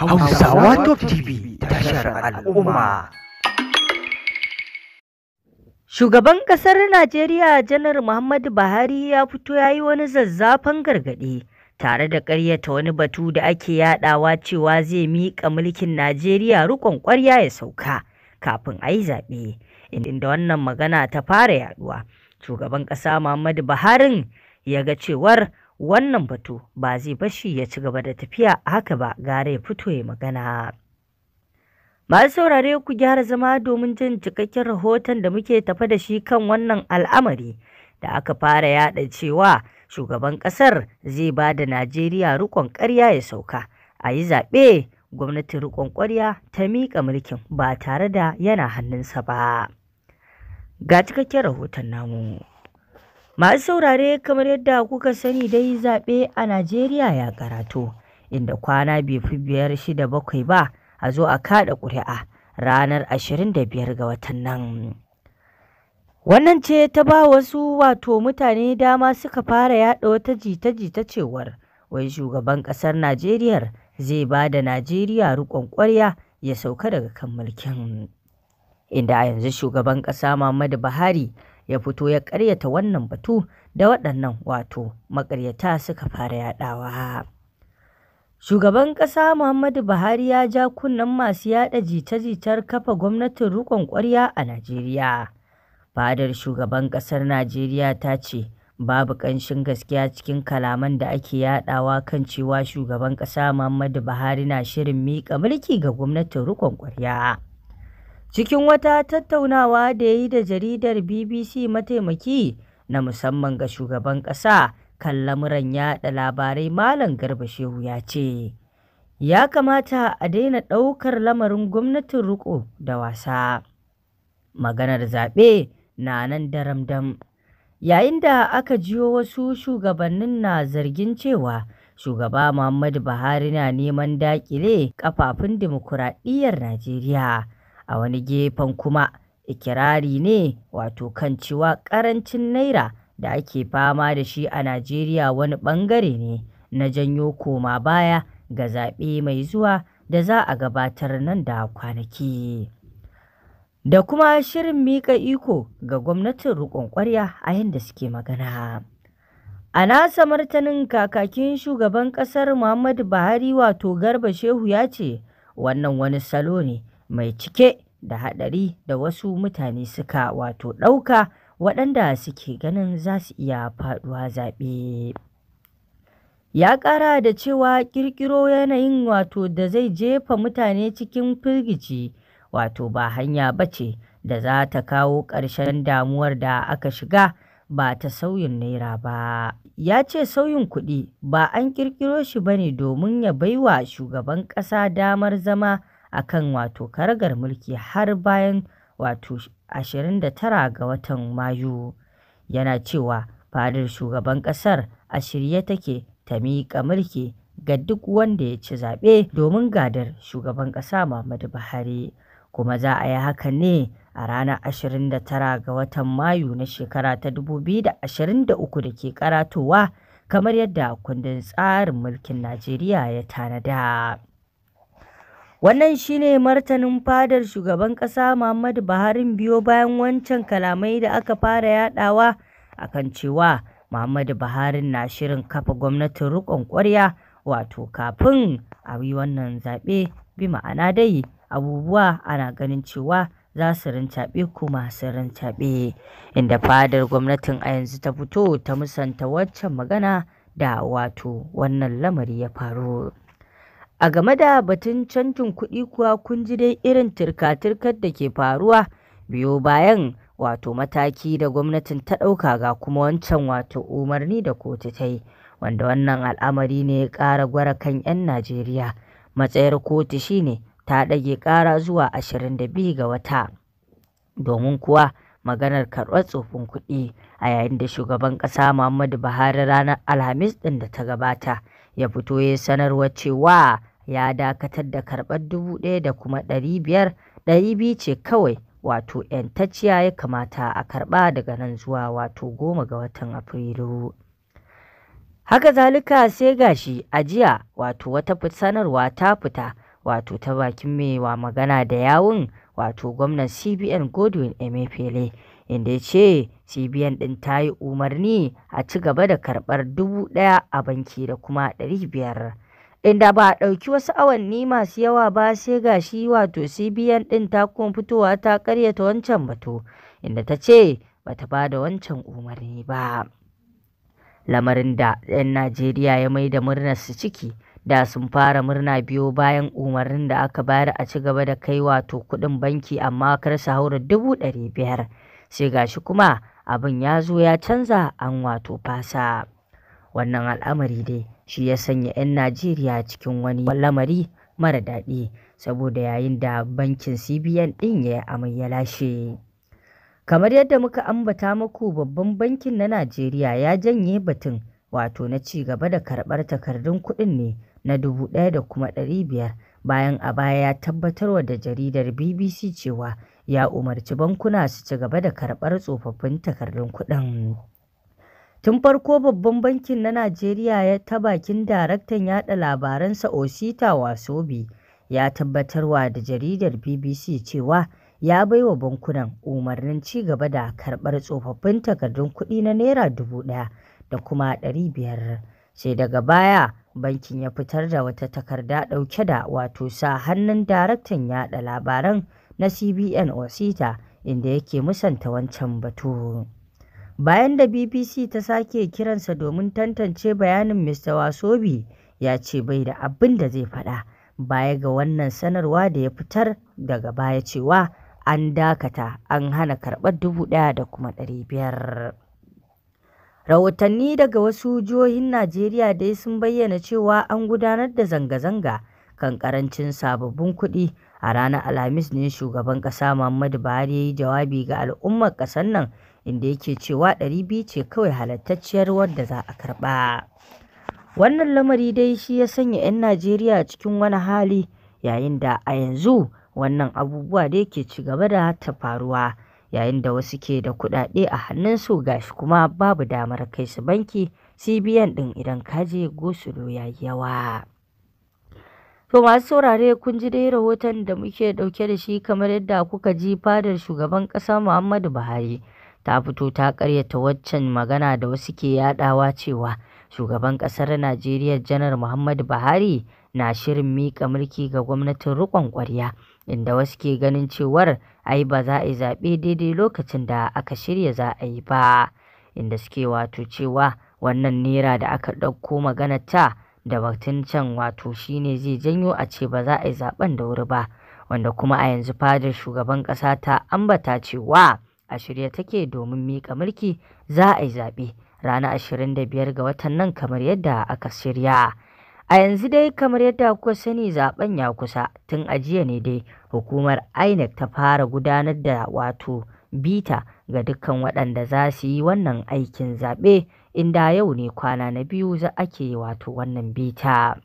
Hausawa Top TV tashar al'umma. Shugaban ƙasar Najeriya Janar Muhammadu Buhari ya fito ya yi wani zazzafan gargaɗi tare da ƙaryata wani batu da ake yaɗawa cewa zai miƙa mulkin Najeriya rukon ƙwarya ya sauka kafin a yi zaɓe, inda wannan magana ta fara yaɗuwa. Shugaban ƙasa Muhammadu Buhari ya ga cewar wannan batu ba zai bashi ya ci gaba da tafiya haka ba gara ya fito ya magana masu saurare ku gyara zama domin jin cikakken rahoton da muke tafa da shi kan wannan al'amari da aka fara yaɗa cewa shugaban ƙasar zai ba da najeriya rikon ƙarya ya sauka a yi zaɓe gwamnatin rikon kwarya ta miƙa mulkin ba tare da yana hannunsa ba ga cikakken rahoton namu Masu saurare kamar yadda kuka sani dai zaɓe a Najeriya ya karatu, inda kwana bai biyar shida bakwai ba a zo a kaɗa ƙuri'a ranar ashirin da biyar ga watan nan. Wannan ce ta ba wasu wato mutane dama suka fara yaɗa wata jita-jita cewar wai shugaban ƙasar Najeriya zai ba da Najeriya riƙon ƙwarya ya sauka daga kan mulkin. Inda a yanzu shugaban ƙasa Muhammadu Buhari ya fito ya ƙaryata wannan batu da waɗannan wato maƙaryata suka fara yaɗawa. Shugaban ƙasa Muhammadu Buhari ya ja kunnen masu yaɗa jita-jitar kafa gwamnatin riƙon ƙwarya a Najeriya. Fadar shugaban ƙasar Najeriya ta ce, babu ƙanshin gaskiya cikin kalaman da ake yaɗawa kan cewa shugaban ƙasa Muhammadu Buhari na shirin miƙa mulki ga gwamnatin riƙon ƙwarya. Cikin wata tattaunawa da ya yi da jaridar BBC mataimaki na musamman ga shugaban ƙasa kan lamuran yaɗa labarai Malam Garba Shehu ya ce, Ya kamata a daina ɗaukar lamarin gwamnatin riko da wasa. Maganar zaɓe na nan daramdam. Yayin da aka jiyo wasu shugabannin na zargin cewa shugaba Muhammadu Buhari na neman daƙile kafafun dimokuraɗiyyar Najeriya. A wani gefen kuma, ikirari ne wato kan cewa ƙarancin Naira da ake fama da shi a Najeriya wani ɓangare ne na janyo koma baya ga zaɓe mai zuwa da za a gabatar nan da kwanaki, da kuma shirin miƙa iko ga gwamnatin rukun ƙwarya a yadda suke magana. A nasa martanin, kakakin shugaban ƙasar Muhammadu Buhari wato Garba Shehu ya ce, wannan wani salo ne mai cike da haɗari da wasu mutane suka wato ɗauka waɗanda suke ganin za su iya faɗuwa zaɓe. Ya ƙara da cewa ƙirƙiro yanayin wato da zai jefa mutane cikin firgici wato ba hanya ba ce da za ta kawo ƙarshen damuwar da aka shiga ba ta sauyin naira ba. Ya ce sauyin kuɗi ba an ƙirƙiro shi ba ne domin ya baiwa shugaban ƙasa damar zama a kan wato karagar mulki har bayan wato 29 ga watan Mayu, yana cewa fadar shugaban kasar a shirye take ta miƙa mulki ga duk wanda ya ci zaɓe domin gadar shugaban ƙasa Muhammadu Buhari, kuma za a yi haka ne a ranar 29 ga watan Mayu na shekara ta 2023 da ke karatowa kamar yadda kundin tsarin mulkin Najeriya ya tanada. Wannan shi ne martanin fadar shugaban ƙasa Muhammadu Buhari biyo bayan wancan kalamai da aka fara yaɗawa a kan cewa Muhammadu Buhari na shirin kafa gwamnatin riƙon ƙwarya wato kafin a yi wannan zaɓe bi ma'ana dai abubuwa ana ganin cewa za su rincaɓe kuma su rincaɓe inda fadar gwamnatin a yanzu ta fito ta musanta waccan magana da wato wannan lamari ya faru. A game da batun canjin kuɗi kuwa kun ji dai irin turka-turkar da ke faruwa biyo bayan wato mataki da gwamnatin ta ɗauka ga kuma wancan wato umarni da kotu ta yi wanda wannan al'amari ne ya ƙara gwara kan 'yan Najeriya. Matsayar kotu shine ta ɗage ƙara zuwa 22 ga wata domin kuwa maganar karɓar tsofin kuɗi a yayin da shugaban ƙasa Muhammadu Buhari ranar Alhamis ɗin da ta gabata ya fito ya sanarwa cewa ya dakatar da karɓar dubu ɗaya da kuma ɗari ɗari biyar biyu ce kawai wato 'yantacciya ya kamata a karɓa daga nan zuwa wato goma ga watan Afrilu. Haka zalika sai gashi a jiya wato wata sanarwa ta fita wato ta bakin mai wa magana da yawun wato gwamnan CBN Godwin Emefiele inda ya ce CBN ɗin ta yi umarni a ci gaba da karɓar dubu ɗaya a banki da kuma ɗari biyar inda ba a ɗauki wasu awanni masu yawa ba sai ga shi wato cbn ɗin ta kuma fitowa ta karyata wancan bato, inda ta ce ba ta ba da wancan umarni ba lamarin da 'yan najeriya ya mai da murnar su ciki da sun fara murna biyo bayan umarnin da aka bayar a ci gaba da kai wato kuɗin banki amma kar su haura dubu ɗari biyar sai gashi kuma abin ya zo ya canza an wato fasa. wannan al'amari dai shi ya sanya 'yan najeriya cikin wani lamari mara daɗi saboda yayin da bankin cbn ɗin ya amai ya lashe kamar yadda muka ambata muku babban bankin na najeriya ya janye batun wato na ci gaba da karɓar takardun kuɗin ne na dubu ɗaya da kuma ɗari biyar bayan a baya ya tabbatarwa da jaridar bbc cewa ya umarci bankuna su ci gaba da karɓar tsofaffin takardun kuɗin Tun farko Babban Bankin na Najeriya ya ta bakin daraktan yaɗa labaransa Osita Wasobi ya tabbatarwa da jaridar BBC cewa ya baiwa bankunan umarnin ci gaba da karɓar tsofaffin takardun kuɗi na naira dubu 1000 da kuma ɗari biyar, sai daga baya bankin ya fitar da wata takarda ɗauke da wato sa hannun daraktan yada labaran na CBN Osita inda yake musanta wancan batu. Bayan da BBC ta sake kiransa domin tantance bayanin Mr. Wasobi, ya ce bai da abin da zai faɗa baya ga wannan sanarwa da ya fitar daga baya cewa an dakata an hana karɓar dubu ɗaya da kuma ɗari biyar. Rahotanni daga wasu jihohin Najeriya dai sun bayyana cewa an gudanar da zanga-zanga kan karancin sababbin kuɗi A ranar Alhamis ne Shugaban ƙasa Muhammadu Buhari ya yi jawabi ga al'ummar ƙasar nan inda yake cewa ɗari biyu ce kawai halattacciyar wadda za a karɓa. Wannan lamari dai shi ya sanya 'yan Najeriya cikin wani hali yayin da a yanzu wannan abubuwa da yake ci gaba da ta faruwa yayin da wasu ke da kuɗaɗe a hannunsu gashi kuma babu damar kai su banki CBN ɗin idan kaje gosulo ya yi yawa. To masu saurare kun ji dai rahoton da muke ɗauke da shi kamar yadda kuka ji fadar shugaban ƙasa Muhammadu Buhari ta fito ta karyata waccan magana da wasu ke yaɗawa cewa shugaban ƙasar Najeriya Janar Muhammadu Buhari na shirin mika mulki ga gwamnatin riƙon ƙwarya inda wasu ke ganin cewar ai ba za a yi zaɓe daidai lokacin da aka shirya za a yi ba inda suke wato cewa wannan nera da aka ɗauko magana ta da batun can wato shi ne zai janyo a ce ba za a yi zaɓen da wuri ba wanda kuma a yanzu fadar shugaban ƙasa ta ambata cewa a shirye take domin miƙa mulki za a yi zaɓe ranar biyar ga watan nan kamar yadda aka shirya. A yanzu dai kamar yadda kuka sani zaben ya kusa tun a jiya ne dai hukumar INEC ta fara gudanar da wato bita ga dukkan waɗanda za su yi wannan aikin zaɓe inda yau ne kwana na biyu za ake wato wannan bita.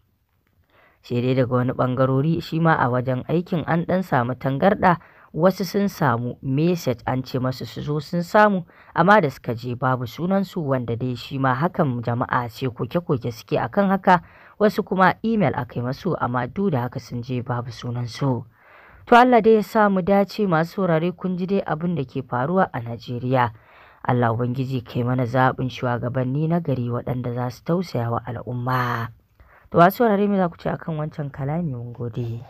sai dai daga wani ɓangarori shi ma a wajen aikin an ɗan samu tangarɗa wasu sun samu message an ce masu su zo sun samu amma da suka je babu sunansu wanda dai shi ma hakan jama'a ce koke-koke suke akan haka wasu kuma email aka yi masu amma duk da haka sun je babu sunansu to Allah dai ya samu dace masu saurare kun ji dai abin da ke faruwa a Najeriya Allah Ubangiji kai mana zaɓin shugabanni na gari waɗanda za su tausaya wa al'umma. To wasu wani za ku ce akan wancan kalami mun gode.